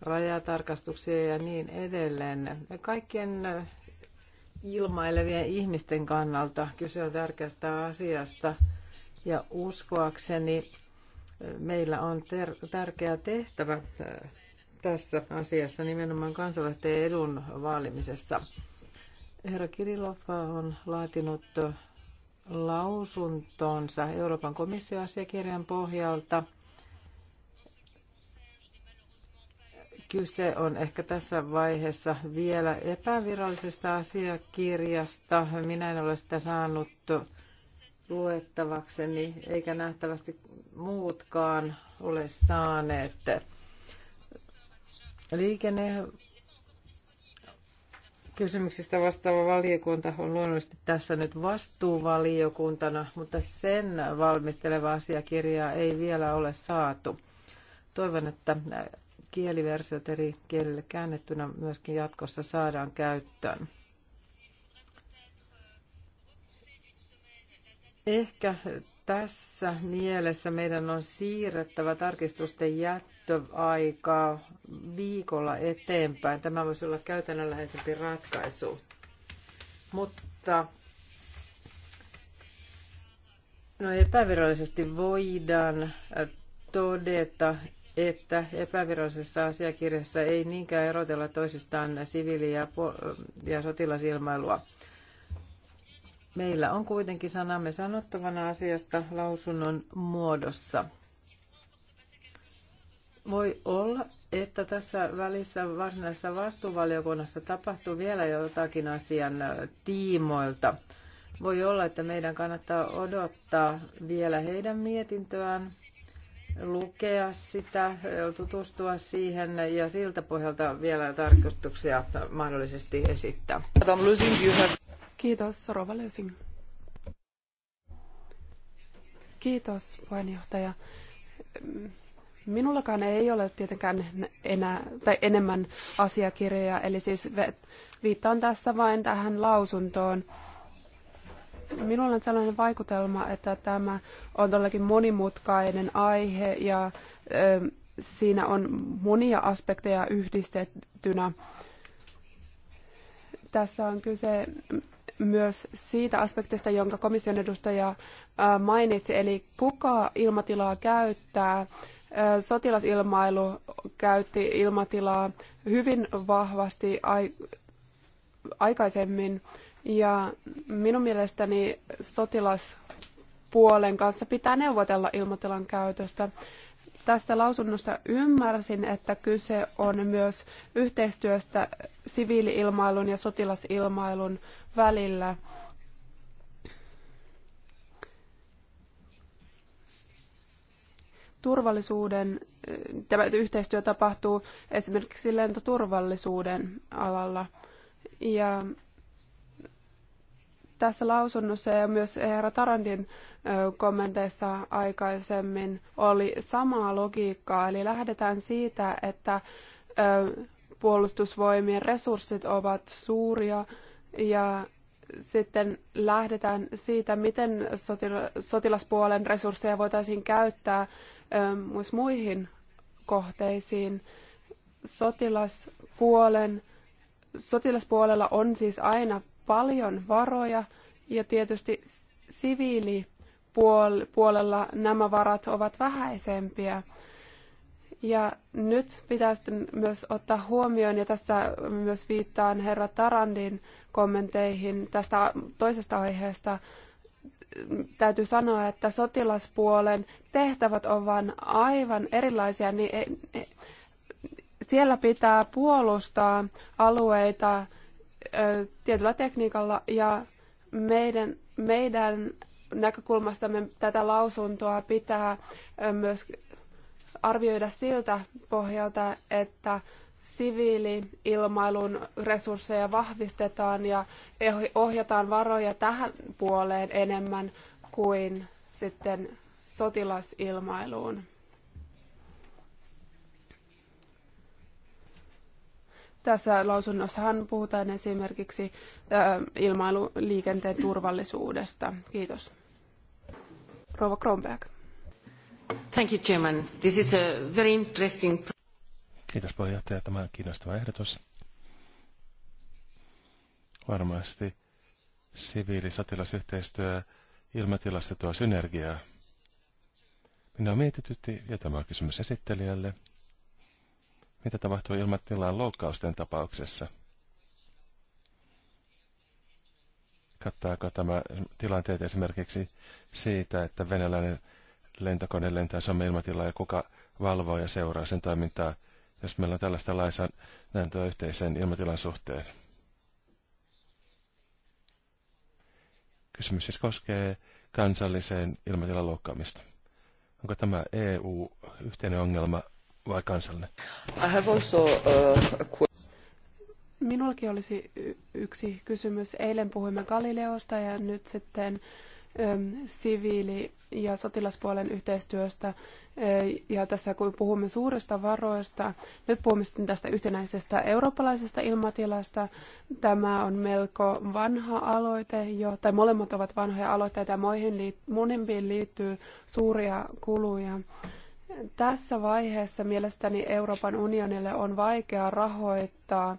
rajatarkastuksia ja niin edelleen. Kaikkien ilmailevien ihmisten kannalta kyse on tärkeästä asiasta ja uskoakseni meillä on tärkeä tehtävä tässä asiassa nimenomaan kansalaisten edun vaalimisessa. Herra Kirilov on laatinut lausuntonsa Euroopan komissioasiakirjan pohjalta – Kyse on ehkä tässä vaiheessa vielä epävirallisesta asiakirjasta. Minä en ole sitä saanut luettavakseni, eikä nähtävästi muutkaan ole saaneet. Liikenne kysymyksistä vastaava valiokunta on luonnollisesti tässä nyt vastuuvaliokuntana, mutta sen valmisteleva asiakirjaa ei vielä ole saatu. Toivon, että kieliversiot eri kielille käännettynä myöskin jatkossa saadaan käyttöön. Ehkä tässä mielessä meidän on siirrettävä tarkistusten jättöaikaa viikolla eteenpäin. Tämä voisi olla käytännönläheisempi ratkaisu. Mutta no epävirallisesti voidaan todeta, että epävirallisessa asiakirjassa ei niinkään erotella toisistaan siviili- ja, ja sotilasilmailua. Meillä on kuitenkin sanamme sanottavana asiasta lausunnon muodossa. Voi olla, että tässä välissä varsinaisessa vastuuvaliokunnassa tapahtuu vielä jotakin asian tiimoilta. Voi olla, että meidän kannattaa odottaa vielä heidän mietintöään lukea sitä, tutustua siihen ja siltä pohjalta vielä tarkistuksia mahdollisesti esittää. Kiitos, Rova Lösing. Kiitos, puheenjohtaja. Minullakaan ei ole tietenkään enää, tai enemmän asiakirjoja, eli siis viittaan tässä vain tähän lausuntoon. Minulla on sellainen vaikutelma, että tämä on todellakin monimutkainen aihe ja siinä on monia aspekteja yhdistettynä. Tässä on kyse myös siitä aspektista, jonka komission edustaja mainitsi, eli kuka ilmatilaa käyttää. Sotilasilmailu käytti ilmatilaa hyvin vahvasti aikaisemmin ja minun mielestäni sotilaspuolen kanssa pitää neuvotella ilmatilan käytöstä. Tästä lausunnosta ymmärsin, että kyse on myös yhteistyöstä siviiliilmailun ja sotilasilmailun välillä. turvallisuuden, tämä yhteistyö tapahtuu esimerkiksi lentoturvallisuuden alalla. Ja tässä lausunnossa ja myös herra Tarandin kommenteissa aikaisemmin oli samaa logiikkaa, eli lähdetään siitä, että puolustusvoimien resurssit ovat suuria ja sitten lähdetään siitä, miten sotilaspuolen resursseja voitaisiin käyttää myös muihin kohteisiin. Sotilaspuolen, sotilaspuolella on siis aina paljon varoja ja tietysti siviilipuolella nämä varat ovat vähäisempiä. Ja nyt pitää sitten myös ottaa huomioon, ja tässä myös viittaan herra Tarandin kommenteihin tästä toisesta aiheesta, täytyy sanoa, että sotilaspuolen tehtävät ovat aivan erilaisia, niin eh, eh, siellä pitää puolustaa alueita tietyllä tekniikalla ja meidän, meidän näkökulmastamme tätä lausuntoa pitää myös arvioida siltä pohjalta, että siviili-ilmailun resursseja vahvistetaan ja ohjataan varoja tähän puoleen enemmän kuin sitten sotilasilmailuun. Tässä lausunnossahan puhutaan esimerkiksi äh, ilmailuliikenteen turvallisuudesta. Kiitos. Rova Kronberg. Thank you, Chairman. This is a very interesting... Kiitos puheenjohtaja. Tämä on kiinnostava ehdotus. Varmasti siviili ilmatilassa tuo synergiaa. Minä mietitytti, ja tämä on kysymys esittelijälle – mitä tapahtuu ilmatilan loukkausten tapauksessa? Kattaako tämä tilanteet esimerkiksi siitä, että venäläinen lentokone lentää Suomen ilmatilaa ja kuka valvoo ja seuraa sen toimintaa, jos meillä on tällaista lainsäädäntöä yhteisen ilmatilan suhteen? Kysymys siis koskee kansalliseen ilmatilan loukkaamista. Onko tämä EU-yhteinen ongelma vai kansallinen? I have also, uh, Minullakin olisi yksi kysymys. Eilen puhuimme Galileosta ja nyt sitten ähm, siviili- ja sotilaspuolen yhteistyöstä. Äh, ja tässä kun puhumme suurista varoista, nyt puhumme sitten tästä yhtenäisestä eurooppalaisesta ilmatilasta. Tämä on melko vanha aloite jo, tai molemmat ovat vanhoja aloitteita ja monimpiin liittyy suuria kuluja. Tässä vaiheessa mielestäni Euroopan unionille on vaikea rahoittaa,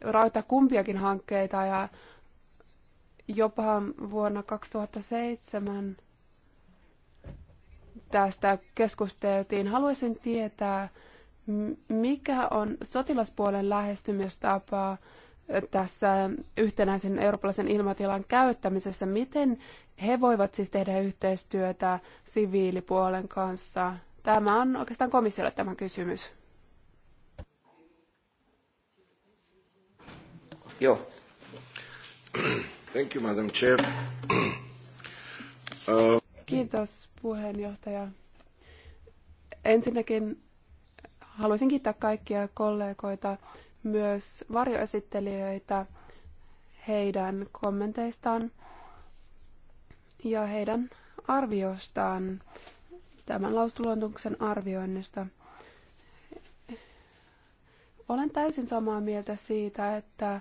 rahoittaa kumpiakin hankkeita ja jopa vuonna 2007 tästä keskusteltiin. Haluaisin tietää, mikä on sotilaspuolen lähestymistapa tässä yhtenäisen eurooppalaisen ilmatilan käyttämisessä? Miten he voivat siis tehdä yhteistyötä siviilipuolen kanssa. Tämä on oikeastaan komissiolle tämä kysymys. Joo. Thank you, Madam Chair. Uh... Kiitos, puheenjohtaja. Ensinnäkin haluaisin kiittää kaikkia kollegoita, myös varjoesittelijöitä heidän kommenteistaan ja heidän arvioistaan tämän laustuluontuksen arvioinnista. Olen täysin samaa mieltä siitä, että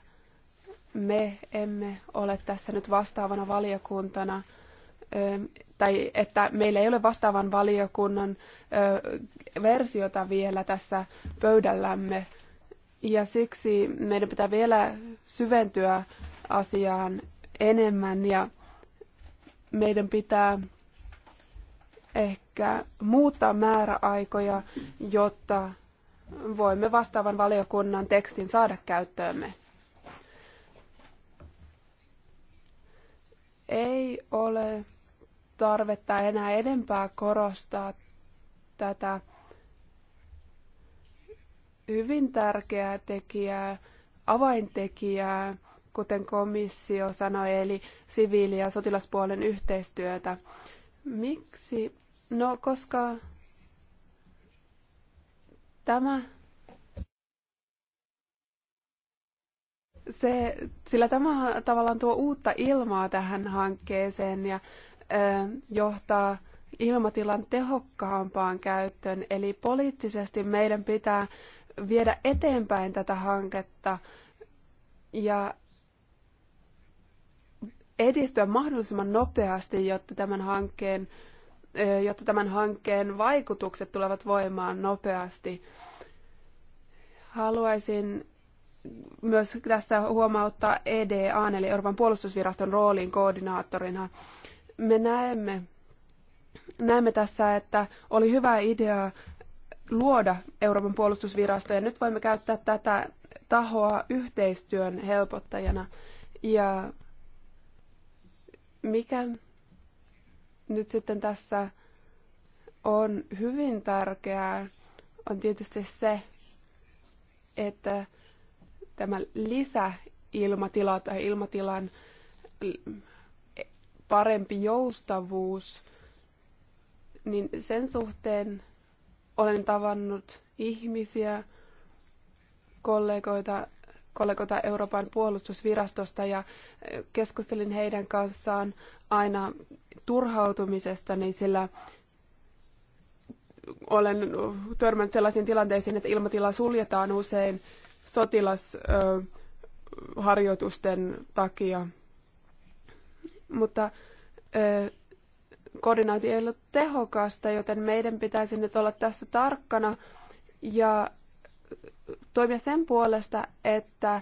me emme ole tässä nyt vastaavana valiokuntana tai että meillä ei ole vastaavan valiokunnan versiota vielä tässä pöydällämme. Ja siksi meidän pitää vielä syventyä asiaan enemmän ja meidän pitää ehkä muuttaa määräaikoja, jotta voimme vastaavan valiokunnan tekstin saada käyttöömme. Ei ole tarvetta enää enempää korostaa tätä hyvin tärkeää tekijää, avaintekijää kuten komissio sanoi, eli siviili- ja sotilaspuolen yhteistyötä. Miksi? No, koska tämä se, sillä tämä tavallaan tuo uutta ilmaa tähän hankkeeseen ja ö, johtaa ilmatilan tehokkaampaan käyttöön. Eli poliittisesti meidän pitää viedä eteenpäin tätä hanketta ja edistyä mahdollisimman nopeasti, jotta tämän hankkeen, jotta tämän hankkeen vaikutukset tulevat voimaan nopeasti. Haluaisin myös tässä huomauttaa EDA, eli Euroopan puolustusviraston roolin koordinaattorina. Me näemme, näemme tässä, että oli hyvä idea luoda Euroopan puolustusvirasto, ja nyt voimme käyttää tätä tahoa yhteistyön helpottajana. Ja mikä nyt sitten tässä on hyvin tärkeää, on tietysti se, että tämä lisäilmatila tai ilmatilan parempi joustavuus, niin sen suhteen olen tavannut ihmisiä, kollegoita, kollegoita Euroopan puolustusvirastosta ja eh, keskustelin heidän kanssaan aina niin sillä olen törmännyt sellaisiin tilanteisiin, että ilmatila suljetaan usein sotilasharjoitusten takia. Mutta koordinointi ei ole tehokasta, joten meidän pitäisi nyt olla tässä tarkkana ja toimia sen puolesta, että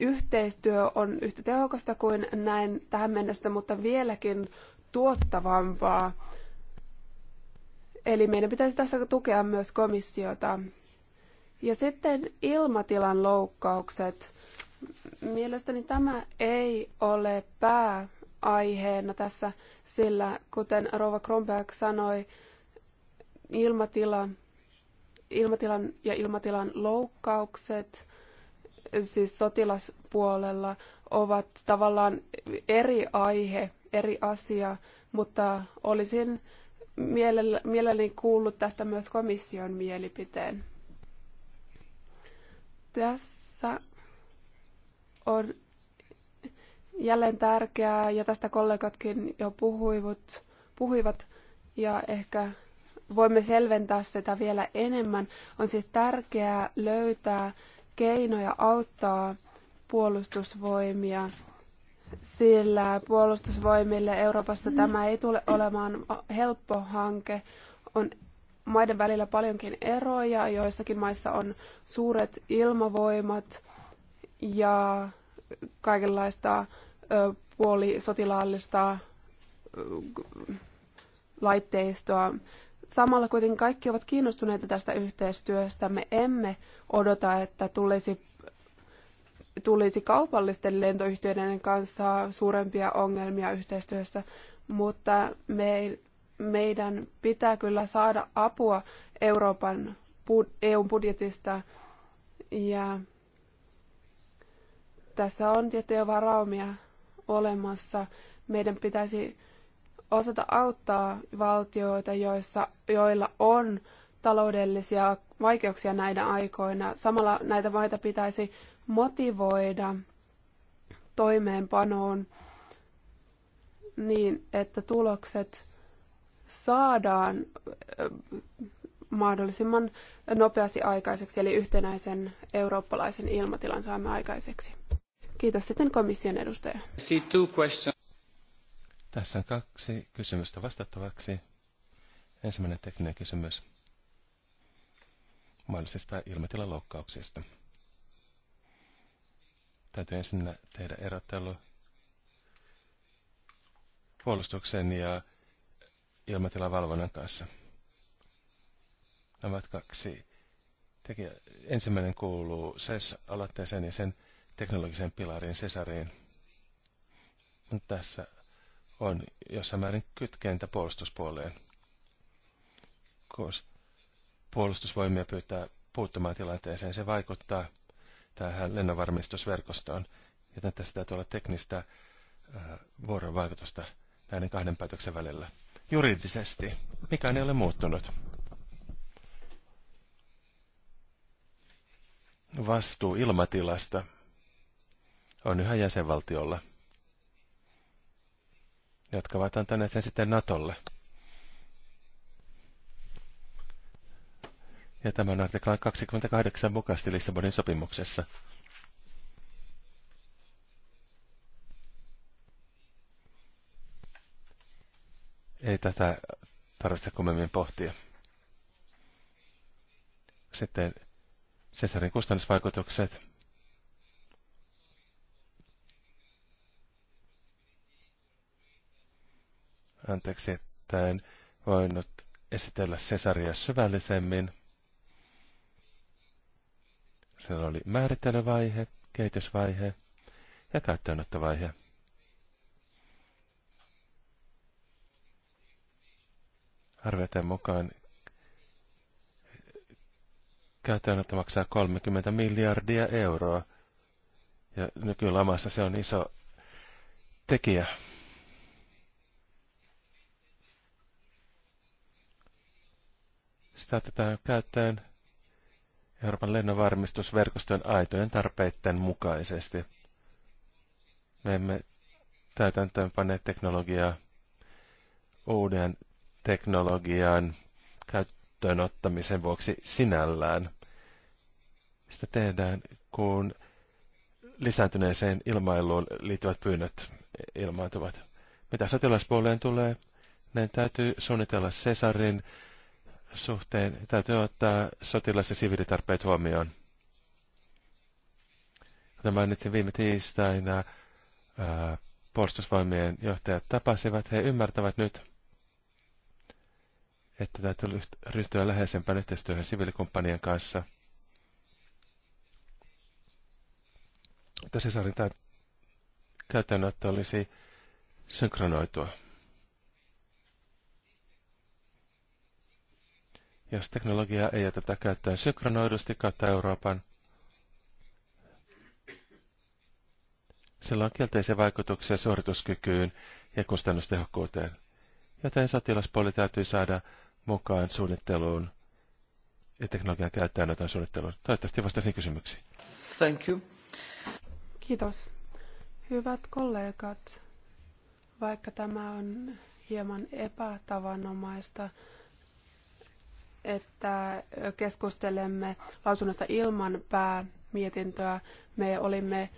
yhteistyö on yhtä tehokasta kuin näin tähän mennessä, mutta vieläkin tuottavampaa. Eli meidän pitäisi tässä tukea myös komissiota. Ja sitten ilmatilan loukkaukset. Mielestäni tämä ei ole pääaiheena tässä, sillä kuten Rova Kronberg sanoi, ilmatila ilmatilan ja ilmatilan loukkaukset, siis sotilaspuolella, ovat tavallaan eri aihe, eri asia, mutta olisin mielelläni kuullut tästä myös komission mielipiteen. Tässä on jälleen tärkeää, ja tästä kollegatkin jo puhuivat, puhuivat ja ehkä voimme selventää sitä vielä enemmän. On siis tärkeää löytää keinoja auttaa puolustusvoimia, sillä puolustusvoimille Euroopassa mm. tämä ei tule olemaan helppo hanke. On maiden välillä paljonkin eroja. Joissakin maissa on suuret ilmavoimat ja kaikenlaista puolisotilaallista laitteistoa. Samalla kuitenkin kaikki ovat kiinnostuneita tästä yhteistyöstä. Me emme odota, että tulisi, tulisi kaupallisten lentoyhtiöiden kanssa suurempia ongelmia yhteistyössä, mutta me, meidän pitää kyllä saada apua Euroopan EUn budjetista ja tässä on tiettyjä varaumia olemassa. Meidän pitäisi osata auttaa valtioita, joissa, joilla on taloudellisia vaikeuksia näinä aikoina. Samalla näitä maita pitäisi motivoida toimeenpanoon niin, että tulokset saadaan eh, mahdollisimman nopeasti aikaiseksi, eli yhtenäisen eurooppalaisen ilmatilan saamme aikaiseksi. Kiitos sitten komission edustaja. Tässä on kaksi kysymystä vastattavaksi. Ensimmäinen tekninen kysymys mahdollisista ilmatilaloukkauksista. Täytyy ensin tehdä erottelu puolustuksen ja ilmatilavalvonnan kanssa. Nämä ovat kaksi tekijä. Ensimmäinen kuuluu SES-aloitteeseen ja sen teknologiseen pilariin Cesariin. Mutta tässä on jossain määrin kytkentä puolustuspuoleen. Koska puolustusvoimia pyytää puuttumaan tilanteeseen, se vaikuttaa tähän lennonvarmistusverkostoon, joten tässä täytyy olla teknistä vuorovaikutusta näiden kahden päätöksen välillä. Juridisesti, mikään ei ole muuttunut. Vastuu ilmatilasta on yhä jäsenvaltiolla jotka ovat antaneet sen sitten Natolle. Ja tämä on artikla 28 mukaisesti Lissabonin sopimuksessa. Ei tätä tarvitse kummemmin pohtia. Sitten Cesarin kustannusvaikutukset. Anteeksi, että en voinut esitellä Cesaria syvällisemmin. Siellä oli määrittelyvaihe, kehitysvaihe ja käyttöönottovaihe. Arvioiden mukaan käyttöönotto maksaa 30 miljardia euroa. Ja nykylamassa se on iso tekijä. Sitä otetaan käyttäen Euroopan lennonvarmistusverkostojen aitojen tarpeiden mukaisesti. Me emme täytäntöönpane teknologiaa uuden teknologian käyttöön ottamisen vuoksi sinällään. Sitä tehdään, kun lisääntyneeseen ilmailuun liittyvät pyynnöt ilmaantuvat. Mitä sotilaspuoleen tulee, ne täytyy suunnitella Cesarin suhteen täytyy ottaa sotilas- ja siviilitarpeet huomioon. Kuten mainitsin viime tiistaina, ää, puolustusvoimien johtajat tapasivat. He ymmärtävät nyt, että täytyy ryhtyä läheisempään yhteistyöhön siviilikumppanien kanssa. Tässä saarin käytännöt olisi synkronoitua. Jos teknologiaa ei oteta käyttöön synkronoidusti kautta Euroopan, sillä on kielteisiä vaikutuksia suorituskykyyn ja kustannustehokkuuteen, joten sotilaspuoli täytyy saada mukaan suunnitteluun ja teknologian käyttöönoton suunnitteluun. Toivottavasti vastasin kysymyksiin. Thank you. Kiitos. Hyvät kollegat, vaikka tämä on hieman epätavanomaista, että keskustelemme lausunnosta ilman päämietintöä. Me olimme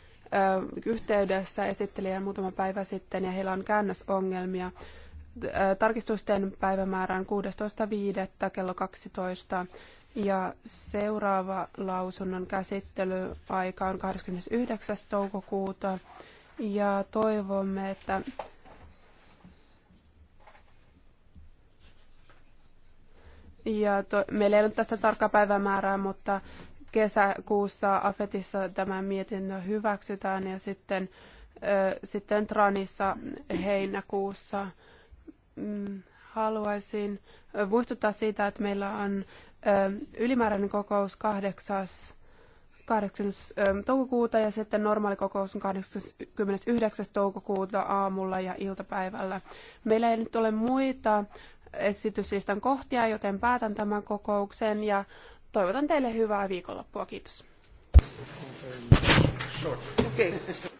yhteydessä esittelijän muutama päivä sitten ja heillä on käännösongelmia. Tarkistusten päivämäärä päivämäärän 16.5. kello 12 ja seuraava lausunnon käsittelyaika on 29. toukokuuta ja toivomme, että Ja to, meillä ei ole tästä tarkkaa päivämäärää, mutta kesäkuussa AFETissa tämä mietintö hyväksytään ja sitten, ö, sitten TRANissa heinäkuussa. Mm, haluaisin muistuttaa siitä, että meillä on ö, ylimääräinen kokous 8. 8. toukokuuta ja sitten normaali kokous on 29. toukokuuta aamulla ja iltapäivällä. Meillä ei nyt ole muita esityslistan kohtia, joten päätän tämän kokouksen ja toivotan teille hyvää viikonloppua. Kiitos. Okay.